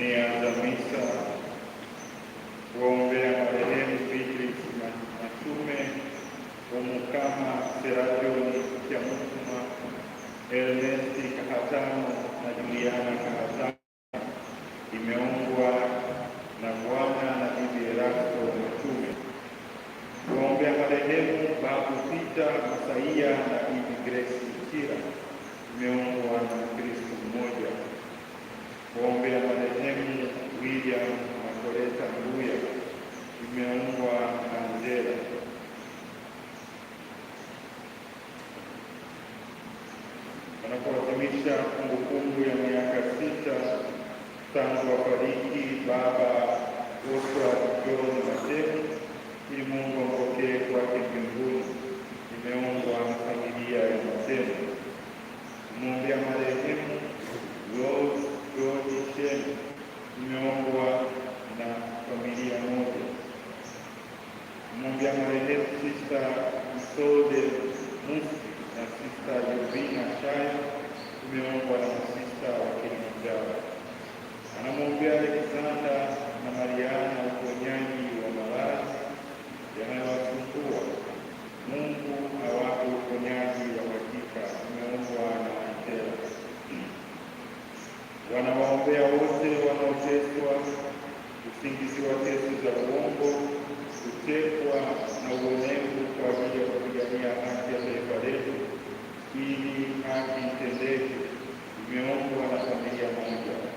niadhamisa kuombea marehemu Beatrix Masume, Umukama Serajoni Chamusuma, Ernesti Kahatano na Juliana Kahatano. Imeombwa na Bwana na Bibi Erasto Masume. Kuombea marehemu Babu Pita Masaia na Bibi Grace Chira. Imeombwa na Kristo mmoja Ngome ya marehemu William Makoleta Mbuya imeungwa na ndera wanapoadhimisha kumbukumbu ya miaka sita tangu wafariki Baba Oswald John matemu ili Mungu ampokee kwake mbinguni. Imeungwa na familia ya Mateu. Kumwombea marehemu Rose kiwango chenu, nimeombwa Waombea wote wanaoteswa, kusingiziwa kesi za uongo, kutekwa na uonevu kwa ajili ya kupigania haki ya taifa letu, ili haki itendeke. Imeombwa na familia moja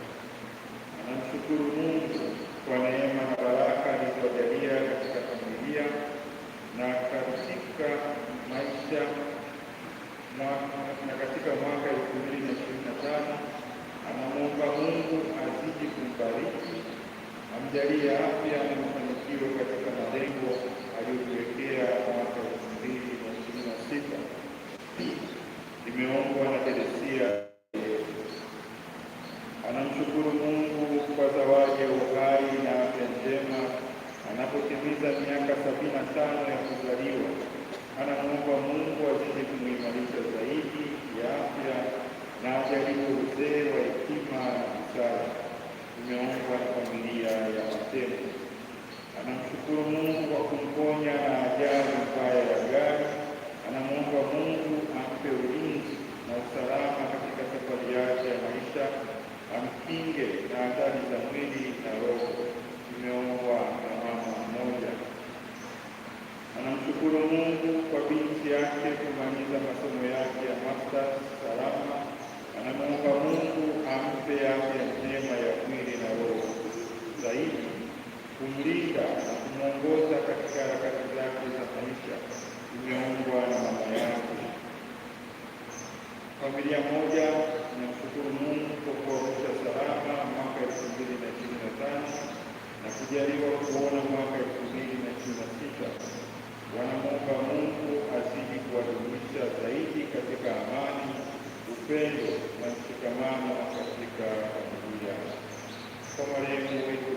jaribu uzee wa hekima na busara. Nimeombwa na familia ya Matemo. Anamshukuru Mungu kwa kumponya na ajali mbaya ya gari. Anamwomba Mungu ampe ulinzi na usalama katika safari yake ya maisha, amkinge na hatari za mwili na roho. Nimeombwa na mama mmoja. Anamshukuru Mungu kwamba Mungu ampe afya njema ya mwili na roho, zaidi kumlinda na kumwongoza katika harakati zake za maisha. Imeombwa na mama yake. Familia moja inamshukuru Mungu kwa kuwavusha salama mwaka elfu mbili na ishirini na tano na kujaliwa kuona mwaka elfu mbili na ishirini na sita wanamwomba Mungu azidi kuwadumisha zaidi katika amani upendo na mshikamano katika familia. Kwa marehemu wetu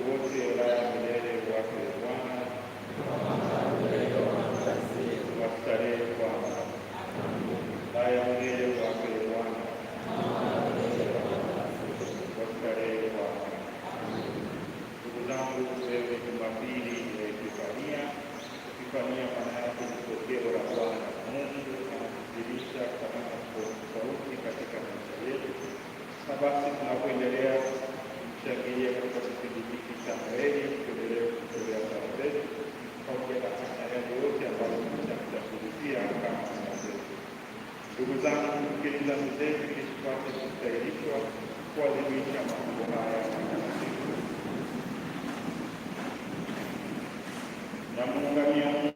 kuadhimisha mambo haya matakatifu. Namuungamia